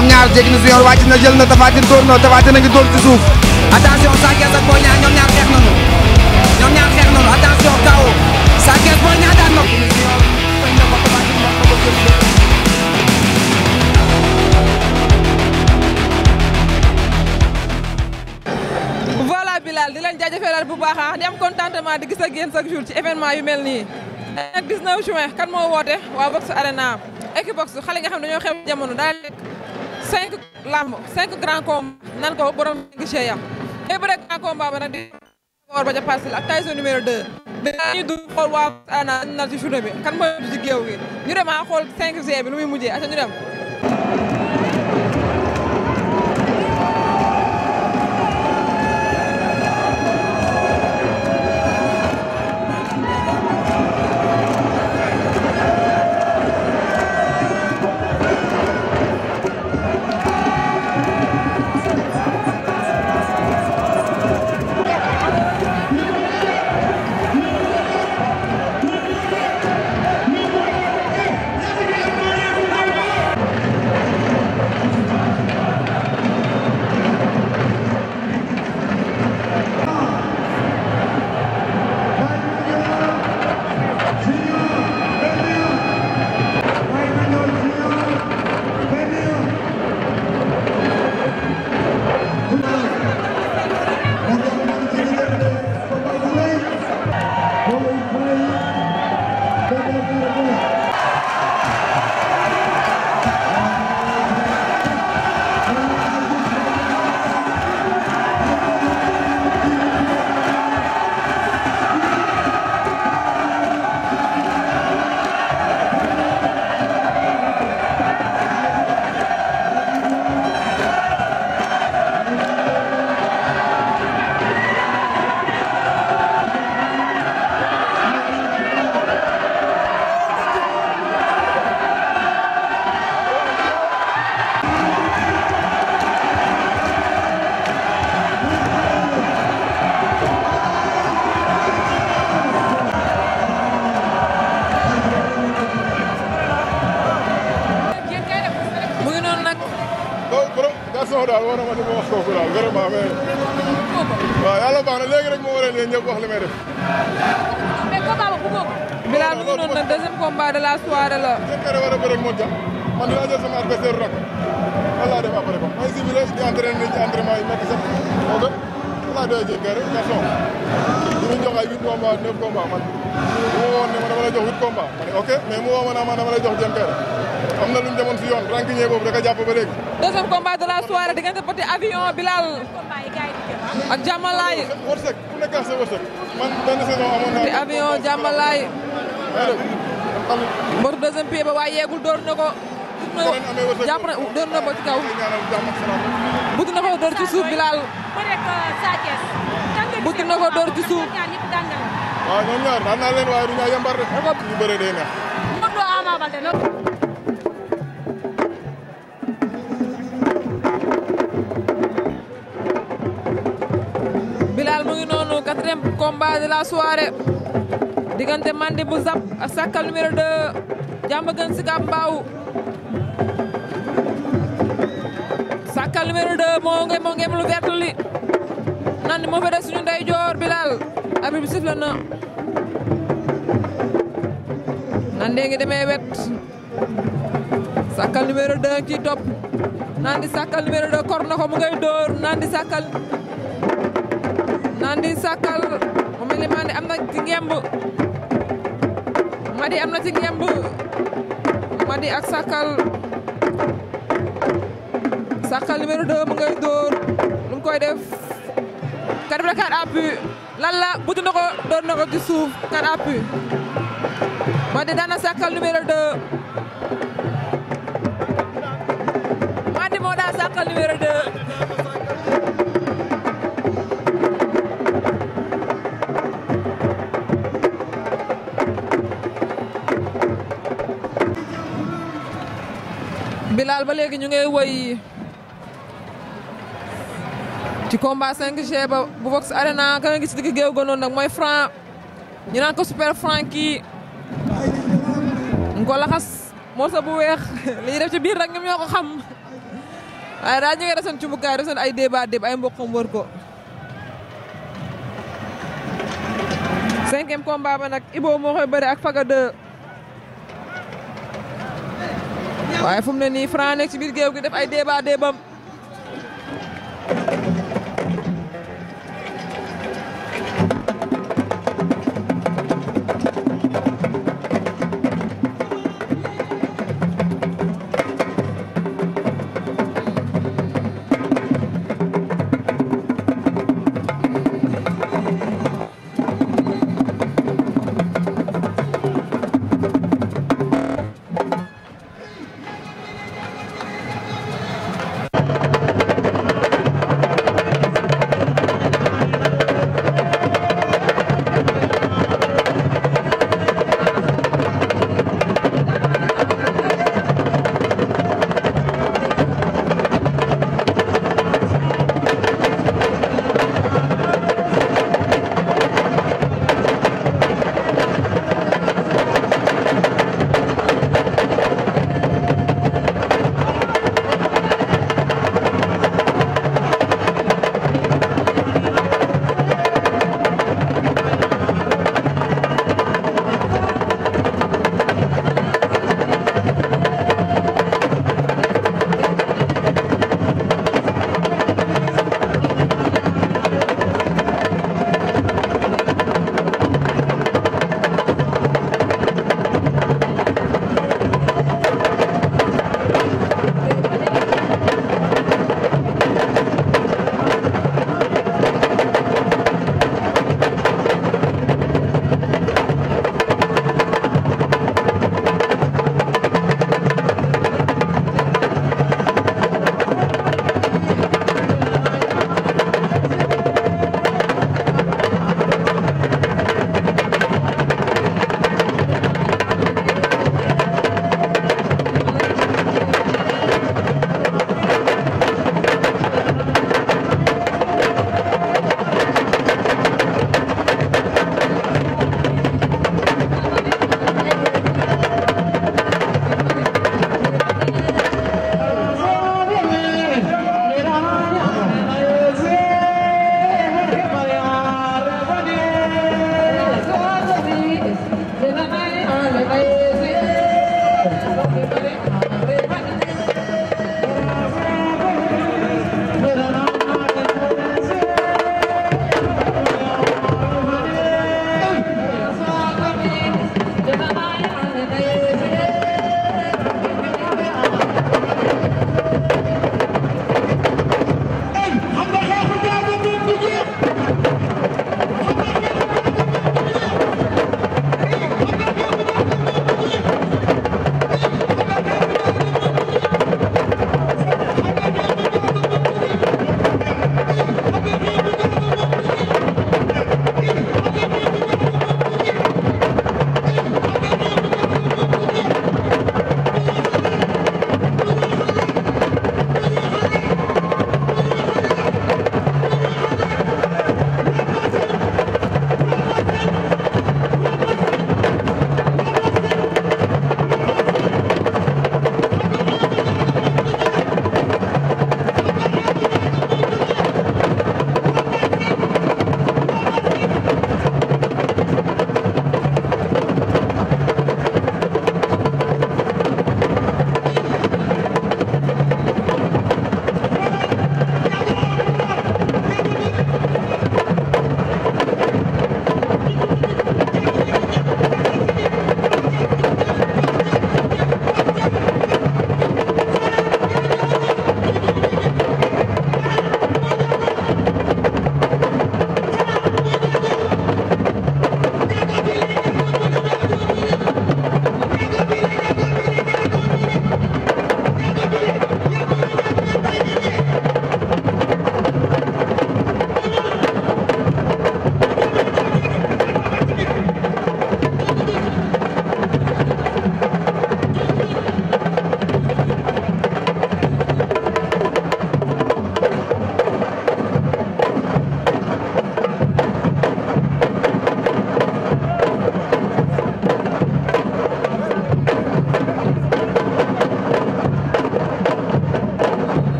ñoom ñaar jéggi na su yor wàcc na jël na Tapha Tine dóor na Tapha Tine a ngi dóor ci suuf attention Sa Thiès ak Boy Niang ñoom ñaar xeex nañu ñoom ñaar na voilà Bilal di leen jaajëfalaat bu baax ah di am contentement di gis ak yéen chaque jour ci événement yu mel nii. nag 19 juin kan moo woote waa Vox Arena xale nga xam dañoo xew jamono daal cinq lamb cinq grand combat nan ko borom gisee yam day grand combat ba nag di woor ba ca parcelle ak Tyson numéro deux dañuy du xool waa ana na ci journée bi kan mooy du ci géew gi ñu dem xool cinq g bi lu muy mujjee aca ñu dem combat de la soirée la. jëkkër war a bëre ak Modja man dinaa jël sama adversaire rakk man laa def après quoi may similé di entraîné ci entraînement yi métti sax moo gën laa doy jëkkër garçon dinañ jox ay huit combat neuf combat ne ma dama jox huit combat ok mais mu woo ma naa ma jox jëkkër am na lu ñu si yoon rancunier boobu da ka jàpp ba léegi. deuxième combat de la soirée diggante avion Bilal ak jàmmalaay. wërsëg ku nekk ak sa wërsëg man benn avion jàmmalaay. mbaru deuxième pied ba yeegul door ko. jàpp na door na na ko door ci suuf na ko door ci mu ngi noonu quatrième combat de la soirée. diggante Mandé bu Zap ak Sakal numéro 2 Diamaguène Sicap Mbao Sakal numéro moo ngi moo ngi lu vert li moo fa suñu ndeyjoor Bilal arbitre bi sifflé na naan ngi demee wet Sakal numéro 2 topp naan di Sakal kor na ko mu ngay dóor naan di Sakal naan di Sakal mu am na ci ngemb Madi am na ci ngemb Madi ak Sakal Sakal numéro dóor lu koy def Karim la quatre appuis lan la butu na ko door na ko ci suuf quatre appuis Madi daan na Sakal numéro 2 moo daan Sakal numéro Bilal ba léegi ñu ngay woy ci combat 5G ba bu Vox Arena ka nga gis digg géew ga nag mooy Franc ñu naan ko super Franc kii nga laxas morso bu weex li ñuy def ci biir rek ñoom ñoo ko xam waaye daal ñu ngi def cumbukaay def ay débat déb ay mboqam wër ko. cinquième combat ba nag Ibo moo ak Faga 2. waaye fu mu ne nii Franc nekk ci biir gi def ay débat débam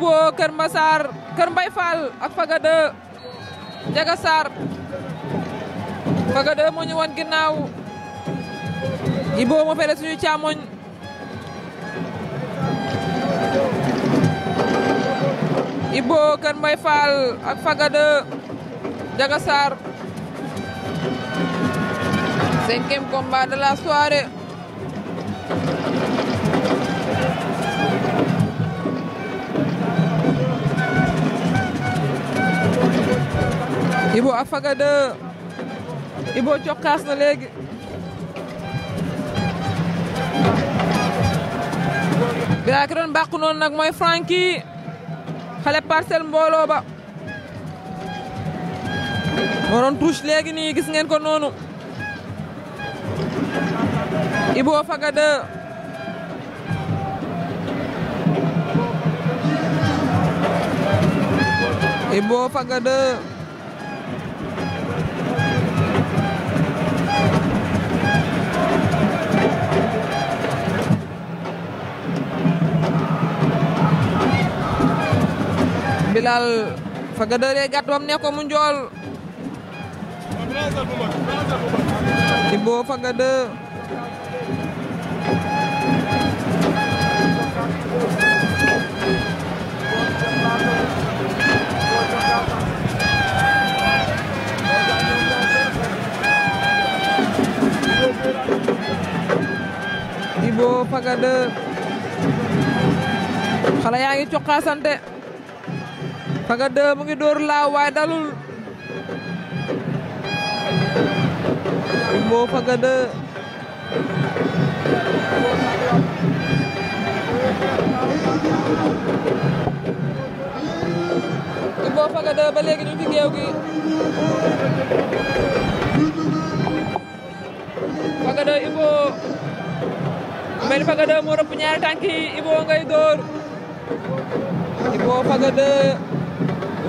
Ibo Kër Massar Kër Mbay Fall ak Faga 2 Njaga Sarr Faga 2 moo ñu woon ginnaaw Ibo moo fere suñu càmmoñ Kër Mbay Fall ak Faga 2 Njaga Sarr cinquième combat de la Ibo ak Faga 2 cokkaas na léegi bilaay ki doon bàqu noonu nag mooy Franky xale parcelle mbooloo ba moo doon léegi nii gis ngeen ko noonu Ibo Faga 2 Bilal faga dëree gàtt mu ne ko mu njool Ibou faga dë yaa ngi coqaasante Saga 2 mu ngi dóor laaw waaye dalul Imbo Saga 2 Imbo Saga ñu ngi gi Saga 2 Imbo mel Saga moo rëpp ñaari tànk yi Imbo ngay dóor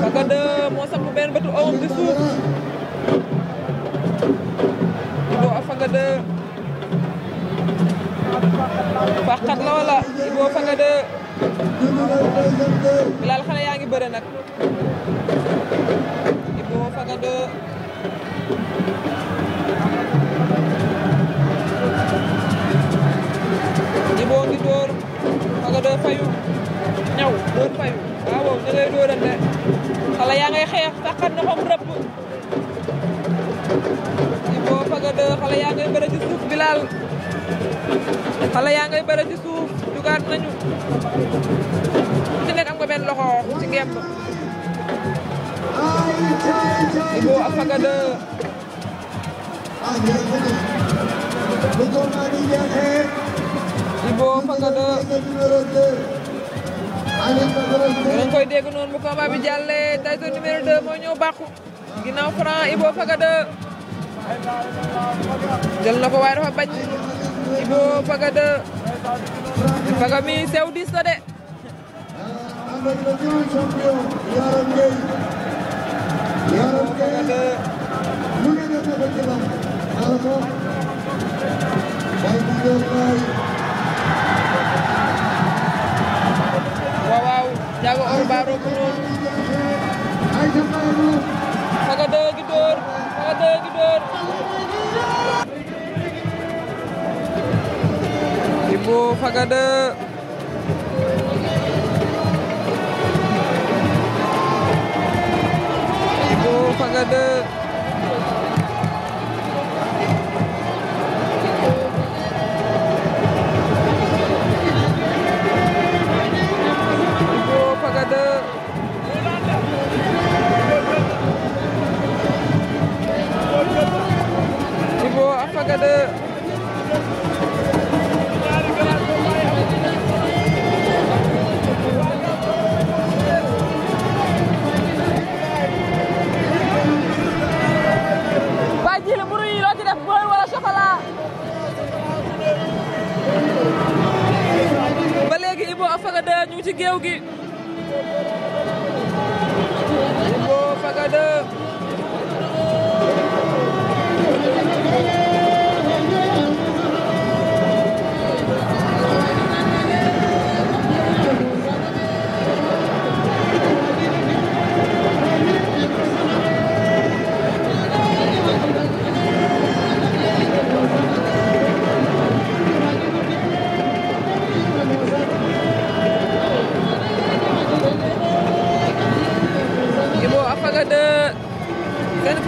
Saga 2 moo samp benn bëtu oom ci suuf Ibo ak Saga 2 fàqat la wala Ibo Saga 2 Bilal xale yaa ngi bëre nag Ibo Saga 2 Ibo ngi door Saga 2 fayu ñaw door fayu waaw ña ngay dóorante xale yaa ngay xeex taxat na xam rëbb i boo xale yaa ngay bëre ci suuf Bilal xale yaa ngay bëre ci suuf jugaat nañu ku ci nekk nga benn loxo ci ngemb ngeen koy dégg noonu bu combat bi jàllee Tyson numéro 2 moo ñëw bàqu ginnaaw Franc Ibo Faga 2 na ko waaye dafa bañ Ibo Faga 2 Faga mi sew diis na de Ndiago Or Baaro Kourol Saga 2 gi door Saga 2 Maga ji la mburu yi loo ci def beurre ba léegi Ibo Faga 2 ñu ngi gi Ibo Faga 2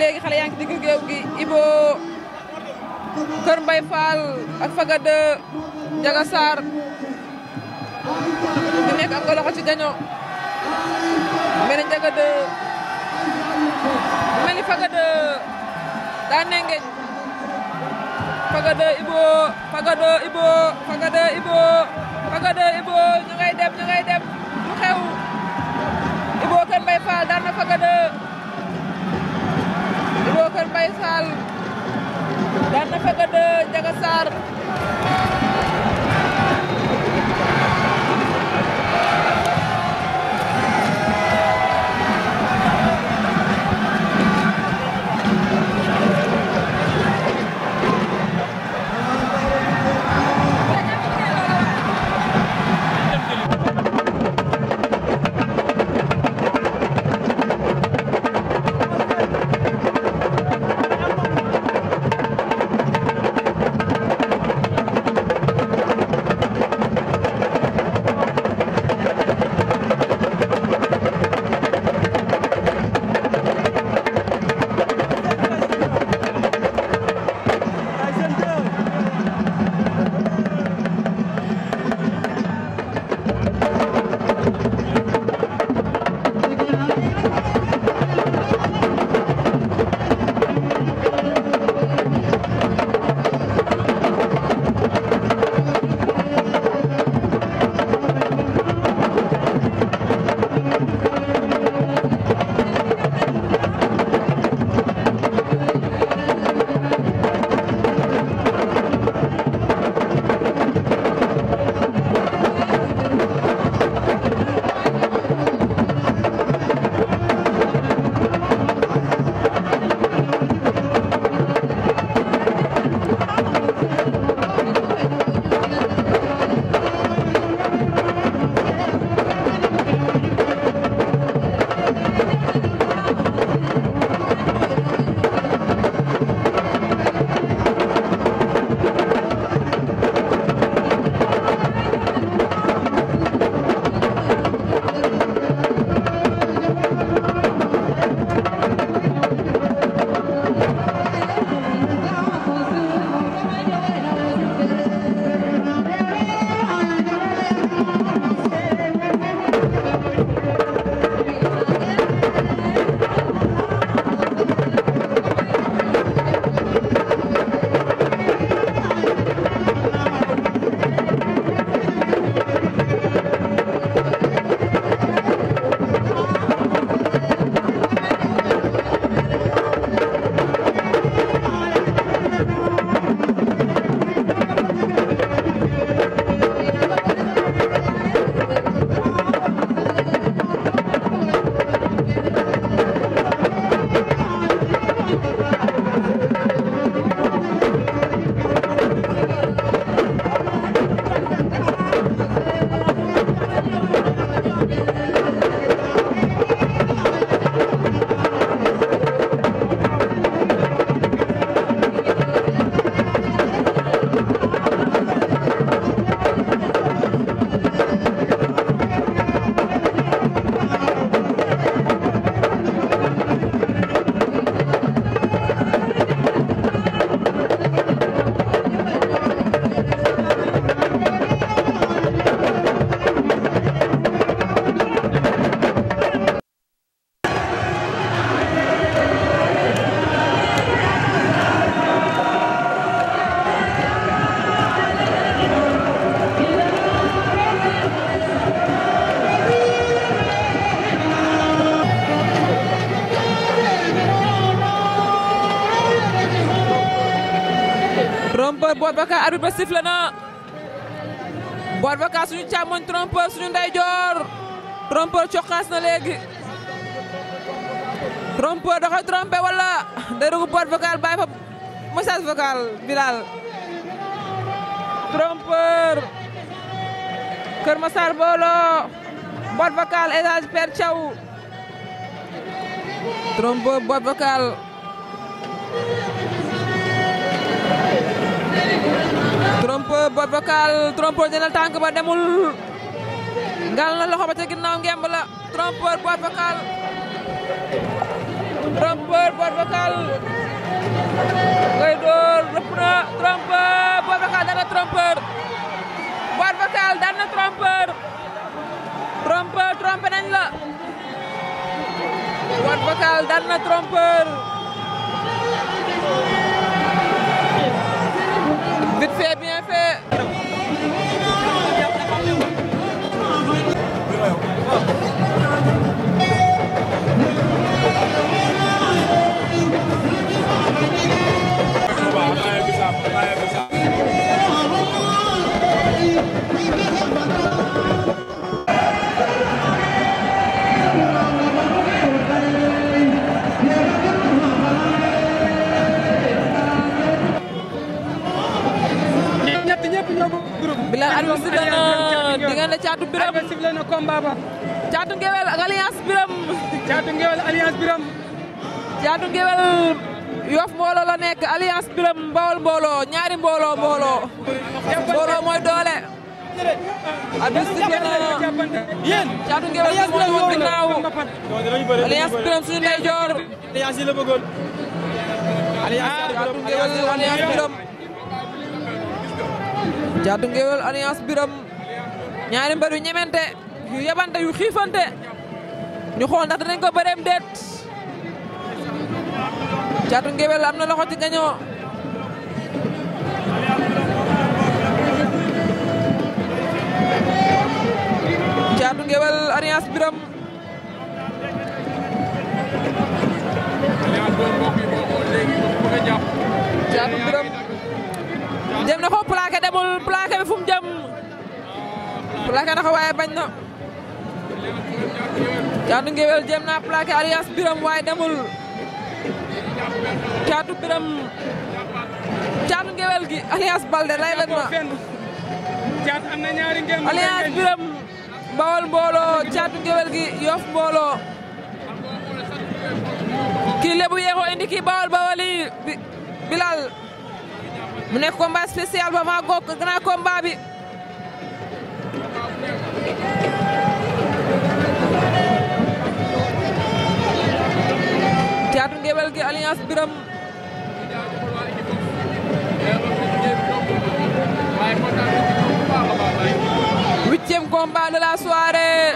léegi xale yaa ngi ci gi Ibo Kër Mbay Fall ak Faga de di nekk am nga ci gaño mel ni Jaga de mel ni Faga de daa nengeñ Faga de Ibo Faga de Ibo xew Ibo Kër Mbay Fall daan na Bocar Mbaye Sall daan na Feugueux 2 Ndiaga Sarr arbitre ba sifle na Boy Voca suñu càmmoñ trompeur suñu ndeyjoor trompeur coxaas na léegi trompeur da koy trompé wala day rugu Boy Voca bàyyi fa message vocal bi daal trompeur Kër Masar booloo Boy Voca El Hadj Père Thiaw trompeur Boy Voca trompe vocal trompeur dina tànk ba demul ngal na loxo ba ca ginnaaw ngemb la trompeur boîte vocale trompeur boîte vocale ngay rëpp na trompeur boîte vocale daan na trompeur boîte vocale nañ la boîte vocale daan na trompeur fait, bien fait. arbitre sifflé na diggante Thiatou Birame arbitre sifflé na combat la nekk Alliance Birame Bawol mbooloo ñaari mbooloo mbooloo mbooloo mooy doole arbitre sifflé suñu ndeyjoor Alliance Birame Alliance Caatu Ngéwél Alliance Birame ñaari mbër yu ñemente yu yabante yu xiifante ñu xool ndax dinañ ko bëreem déet Caatu Ngéwél am na loxo ci gañoo Caatu Ngéwél Alliance Birame Caatu Birame dem na ko plaqué demul plaqué bi fu mu jëm na ko waaye bañ na caatu ngéwél jëm na plaqué alias biram waaye demul caatu biram caatu ngéwél gi alias balde lay lan ma alias bawol mbooloo caatu ngéwél gi yof mbooloo kii lebu yeexoo indi kii bawol bawol yi bilal mu nekk combat spécial ba maa gokk grand combat bi gi alliance Biram huitième combat de la soirée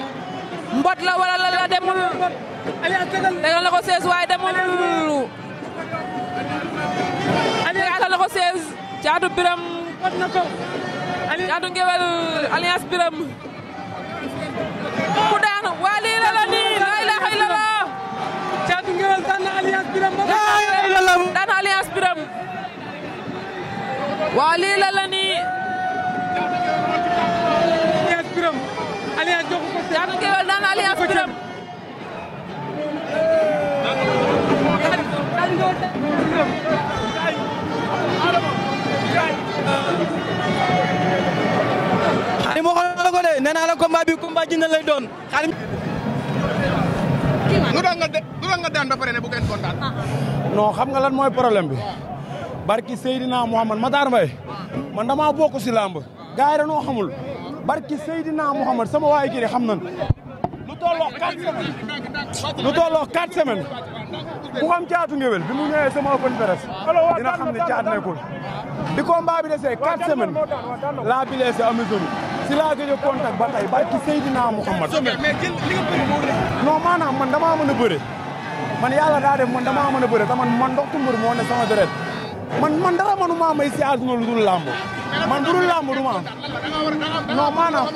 mbot la wala la la demul tegal na ko 16 waaye demul tegal na ko 16 Caatu Biram Caatu Ngewel Alliance Biram ku daan waa lii nii laa ilaaha illallah Caatu Ngewel daan na Biram ba laa nii xaadim waxoon na la ko de na lay doon xaadim. lu nga daan ba pare ah. xam nga lan mooy problème bi. barki Seydina Mouhamad Matar Mbaye. Ah. man damaa bokk si làmb. gars yi dañoo xamul. barki Seydina Mouhamad sama waa kii xam nan lu tolloo 4 semaines. lu ku xam caatu ngéwél bi mu ñëwee sama open press dina xam ne caat nekkul bi combat bi desee quatre semaines laa blessé amusoni si laa gëj a contact ba tey barki naa Mouhamad non maanaam man damaa mën a man yàlla daa def man damaa mën a bëre te man man ndoxtu mbër moo ne sama deret man man dara manu maa may si àdduna lu dul làmb man bu dul làmb du ma am non maanaam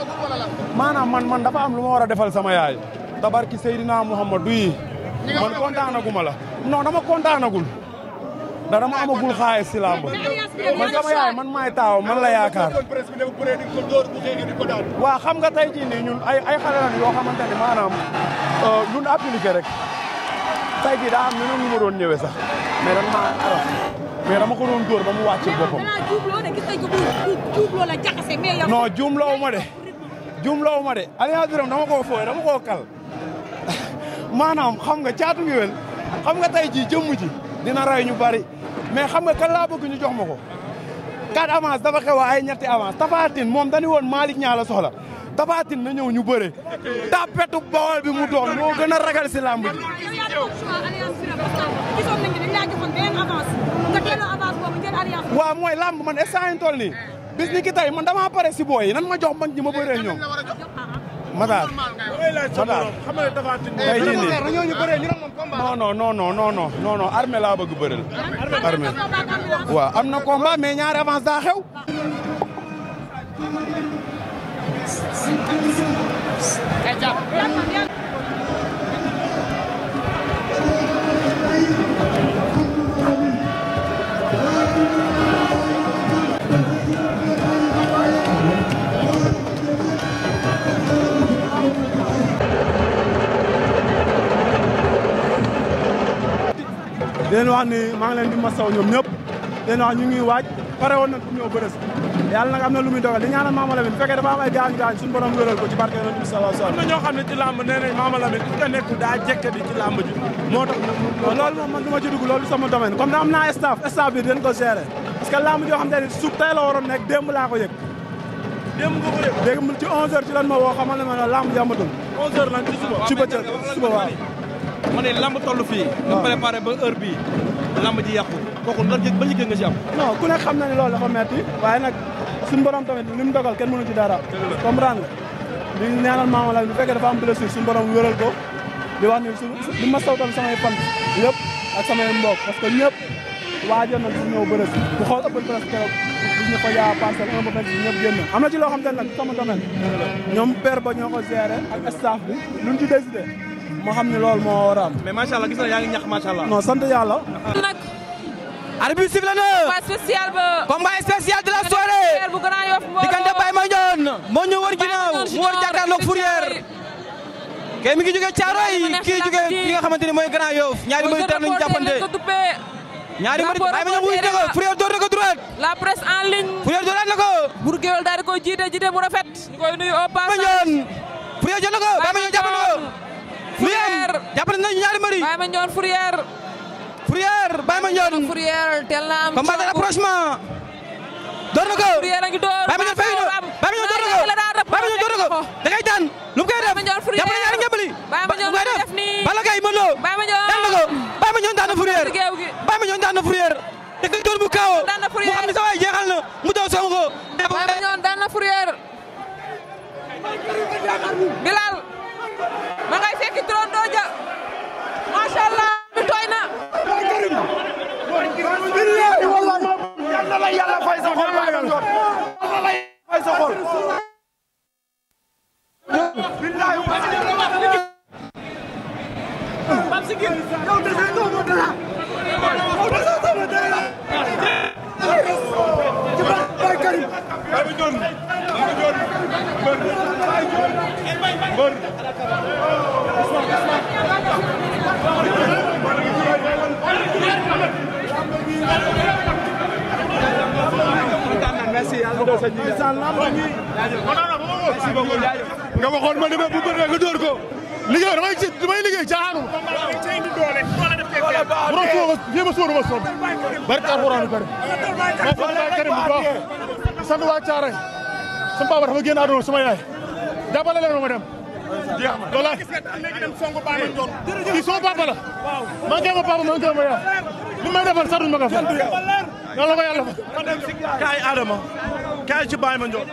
maanaam man man dafa am lu ma war a defal sama yaay te barki Seydina naa du yi man kontaanaguma la non dama kontaanagul ndax dama amagul xaalis si làmb man sama yaay man maay taaw man la yaakaar waa xam nga tey jii nii ñun ay ay xale lañu yoo xamante maanaam euh, ñun appliqué rek tey jii daa am neneen nu ma doon ñëwee sax mais dama ko doon dóor ba mu wàccee boppam non juumloo ma de la ma de Alliance Birame dama koo fooy dama ko kal maanaam xam nga caatu ngéwél xam nga tey jii jëmm ji dina rey ñu bari mais xam nga kan laa bëgg ñu jox ma ko quatre avance dafa xew ay ñetti avance Tafatine moom dañu woon Malick ñaa la soxla Tafatine na ñëw ñu bëre tapetu bawol bi mu doon moo gën a ragal si làmb ji mooy làmb man instant yi toll nii bis ni tey man damaa pare si booy yi nan ma jox mag ñi ma bëree ñoom Matar Matar tey jii nii non non non non non non non non armée laa bëgg bëreel. armée waaw am na combat mais ñaari avance daa xew. ay jàpp. leen wax ni maa ngi leen di masaw ñoom ñëpp leen wax ñu ngi waaj pare woon nañ pour ñëw bërës yàlla nag am na lu muy dogal di ñaanal Mama Lamine bu fekkee dafa am ay gaañ gaañ suñu borom wéral ko ci barke yonent bi sallallahu alayhi wasallam am na ñoo ci làmb nee nañ Mama Lamine it daa jekkati ci làmb moo tax loolu moom man ci dugg loolu sama domaine comme naa staff staff bi dañ ko gérer parce que làmb joo xam te ne suuf tey la waroon nekk démb laa ko yëg démb nga ko yëg démb ci 11 lan ma woo ma ne làmb ji amatul 11 heures lan ci suba ma ne lamb toll fii. waaw nga préparé ba heure bii lamb ji yàqu kooku nga ba njëkk nga ci am. non ku ne xam na ne loolu dafa metti waaye nag suñu borom tamit li mu dogal kenn mënu ci dara. comprendre nga li ñu ñaanal maama la bu fekkee dafa am ko di wax ni su samay fan yëpp ak samay parce que waajoon nañ pour ñëw bu xool ëppal presque keroog gis ñu ko yaa parcelle un ba fekk si ñëpp génn am na ci loo xam te nag sama ak staff moo xam ne loolu moo war a am. mais macha allah gis na yaa ngi ñax macha allah. non sant yàlla. nag. arbitre sifflé na. combat spécial ba. combat spécial de la soirée. bu grand yof mbooloo diggante Baye Mandione. moo ñu war ginnaaw mu war jàkkaarloog Fourrière. kay mi ngi jógee Thiaroye kii jógee ki nga mooy grand yof ñaari mbir dara nañu jàppante. ñaari mbir Baye Mandione wuyu na ko door na ko la presse en ligne. Fourrière dooraat na ko. Bour Gueweul daal di ko jiite jiite bu rafet. ñu koy Fourier jàppante nañu ñaari mbëri. Baye Mandione Fourier. Fourier Baye Mandione. Fourier teel na am coono na ko Fourier a ngi door Baye Mandione door na ko Baye Mandione door na ko da ngay daan lu mu koy def. Baye Mandione Fourier jàppante ñaari ngembali. Baye Mandione def nii Balla Gaye mën loo. Baye Mandione daan na ko Baye Mandione daan na Fourier. Baye Mandione daan na Fourier. da koy door mu sa waay jeexal na mu daw songu ko. Bilal. ma ngay fekki turandoo ja macha allah bi tooy na. yal na la yàlla fay sa xol baay doon yal na la fay sa xol. yow Baye Karim Baye Jon Baye Jon Mbër Mbër merci nga waxoon ma demee bu bëree nga dóor ko liggéey damay liggéey caaxaanu ma sóor ma sóor barke alxuraanu karim ma la karim bu baax sant waa Thiaroye sama papa dafa génn àdduna sama yaay leen ma dem jeex na loolu laa kii sama papa la man kay ma papa man kay ma yaay li may defal sarduñ ma ko fa loolu la ko yàlla fa kaay Adama kaay ci Baye Mandione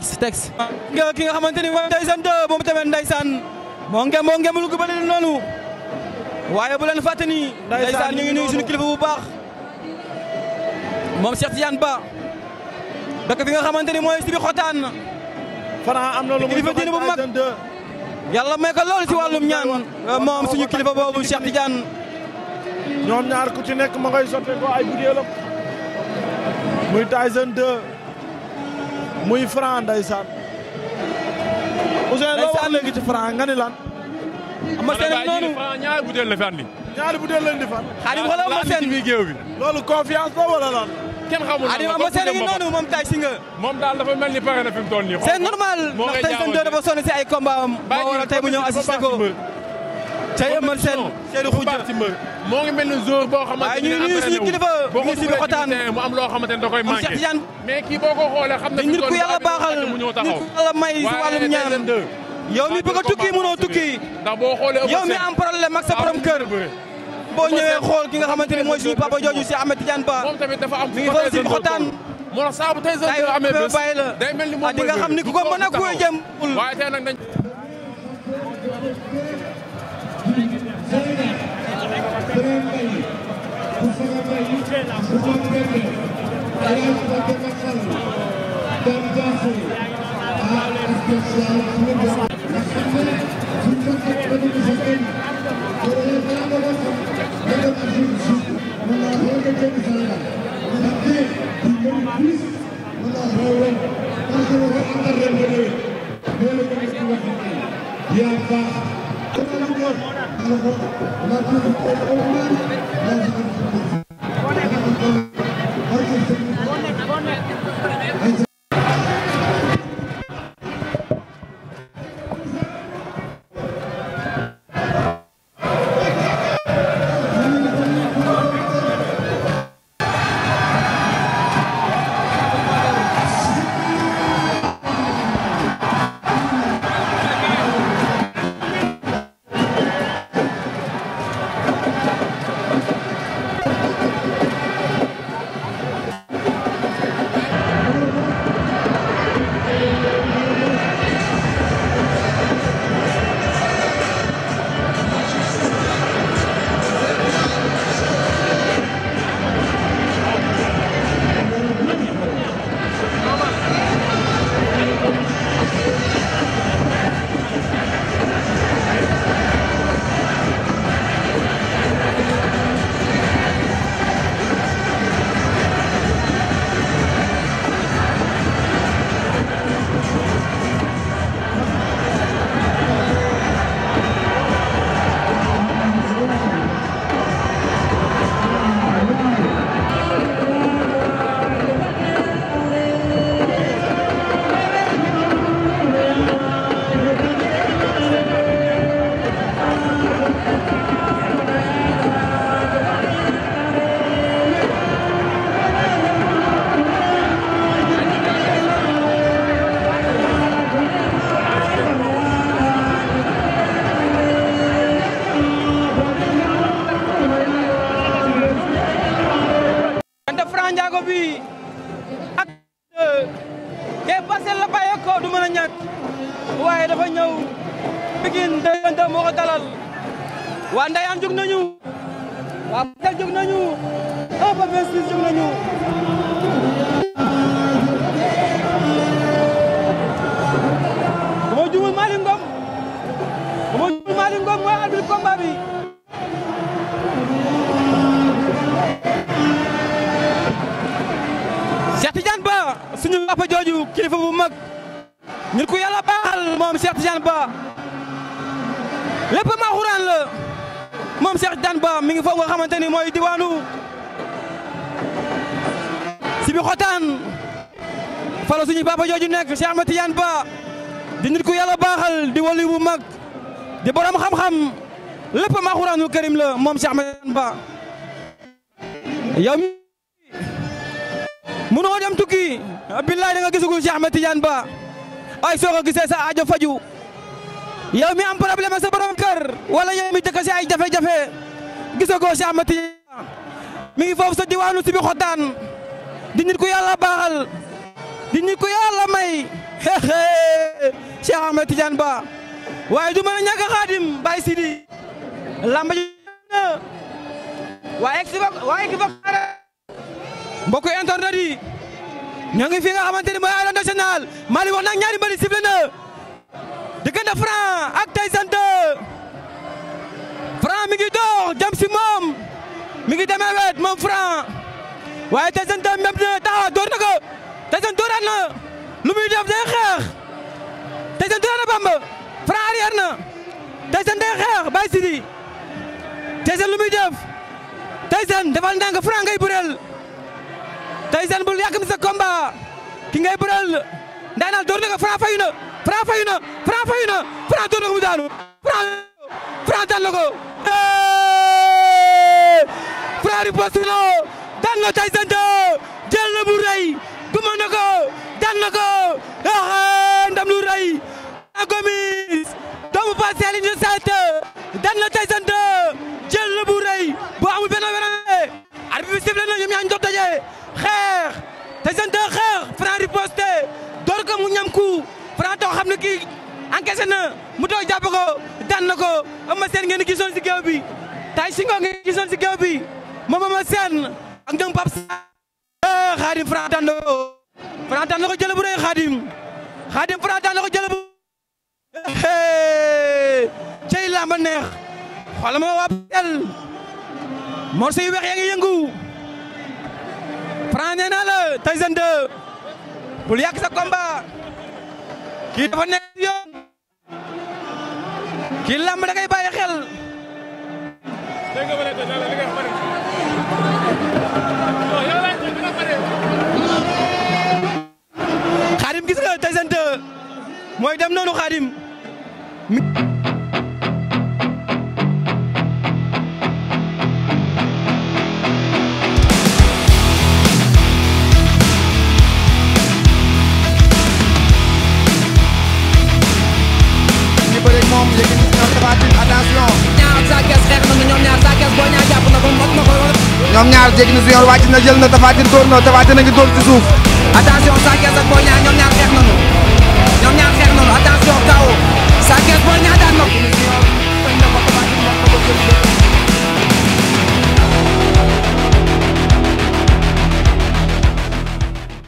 tex tex. nga ki nga xamante ni mooy Tyson 2 moom tamit ndeysaan moo ngeem moo ngeem lu ko bëri noonu waaye bu leen fàtte ni. ndeysaan ñu ngi nuyu suñu kilifa bu baax. moom Cheikh Tidiane Ba dëkk fi nga xamante ni mooy Sibi Xotaan. Franc am na lu muy joxe Tyson ci wàllum ñaan euh, moom suñu kilifa boobu Cheikh Tidiane. ñoom ñaar ku ci nekk ma ngay ko ay butéelam muy Tyson 2. muy Franc ndeysaan. Ousseyn loo wax léegi ci Franc nga ni lan. Eumeu Sène noonu ñaari butéel la fi andi. ñaari butéel lañ di fan. xaaral wala Eumeu Sène ci biir loolu confiance la lan. kenn xamul noonu Eumeu noonu moom tay si nga. moom daal dafa mel ni pare na fi mu toll nii. c'est normal ndax tey seen doo si ay combat am. moo waral mu ñëw assisté tey Eumeu Sène Seydou Khoudia moo ngi mel ni jour boo xamante ne ñu suñu kilifa ngi si xotaan mu am loo xamante ne da koy manqué kii boo ko xoolee xam na nit ku baaxal nit ku yàlla may si wàllum ñaan yow mi bëgg a tukki mënoo tukki ndax mi am problème ak sa borom kër boo ñëwee xool ki nga xamante ne mooy suñu jooju si Ahmed Tidiane Ba moom tamit dafa am mi ngi xotaan moo tax saa bu tey sa amee bés xam ni ku ko mën a kuy jëm waaye Birame Mbaye Moustapha Mbaye Ousmane Pende El Hadj Babacar Sall Dame Diassé ah askan si yàlla su ñu doon. nga xam ne suñ ko fekk ba dugg sa kër yi. loolu yëpp balaa nga ko xam nga dem ak suñu suuf. mën naa xew nga jëm sa yàlla. ndax tey du ngeen plus mën naa xew ren. parce que nga àndal ren ba déwén. loolu nga gis nga xam ne yaa baax. la mi ngi foofu nga xamante ni mooy diwaanu Sébikotane falo suñu papa jooju nekk Cheikh ma Tidiane Ba di nit ku yàlla baaxal di wali bu mag di borom xam-xam lépp ma Alxuraanul Karim la moom Cheikh Ahmed Tidiane Ba yow mi mënoo dem tukki billaay da nga gisagul Cheikh Ahmed Tidiane Ba ay soo ko gisee sa aajo faju yow mi am problème ak borom kër wala yow mi dëkk si ay jafe-jafe gisagoo Cheikh Ahmed Tidiane mi ngi foofu sa diwaanu si bi xotaan di nit ku yàlla baaxal di nit ku yàlla may xeexee Cheikh Ahmed Tidiane Ba waaye du mën a ñàkk a xaadim Baye Sidi lamba ji waaye ki bokk waaye ki bokk mbokku internet yi ñoo ngi fi nga xamante ni na ñaari mbëri sifflé ak ngi demee wet moom Franc waaye Tyson tam même taxaw door na ko Tyson dooraat na lu def day xeex Tyson dooraat na Bamba Franc arrière na Tyson day xeex Baye Sidi Tyson lu muy def Tyson defal ndànk Franc ngay bëreel Tyson bul yàkkam sa combat ki ngay bëreel ndaanal door ko Franc fayu na Franc fayu na Franc fayu na Franc ko mu Ferrari Bosino daan na Tyson 2 jël na bu rëy duma na ko daan na ko ah, ndam lu rëy a Gomis doomu Parcelles Unité Sept daan na Tyson 2 jël na bu rëy boo amul benn werante arbitre bi sifflé na ñoom ñaar ñu dox xeex Tyson xeex Franc riposte door ko mu ñam ku Franc taw xam kii encaissé na mu too jàpp ko daan na ko Eumeu Sène ngeen gisoon si géew bi tay si ngoo ngeen si géew bi moom Eumeu Sène ak ñoom Pape Sarr Xaadim Franc daan ko Franc daan ko jël bu Xaadim Xaadim Franc daan ko jël bu cey làmb neex xoolal ma el morceau yu weex yaa yëngu Franc nee naa la Tyson sa combat kii dafa nekk yo ci làmb da ngay bàyyi xel. xaadim gis nga Tyson 2 mooy dem noonu xaadim. ñoom ñaar jéggi ni junior wàcc jël na tafaatin dóor na tafaatin a ngi dóor ci suuf attention Sa Thiès ak Boy Niang ñoom ñaar xeex nañu ñoom ñaar xeex nañu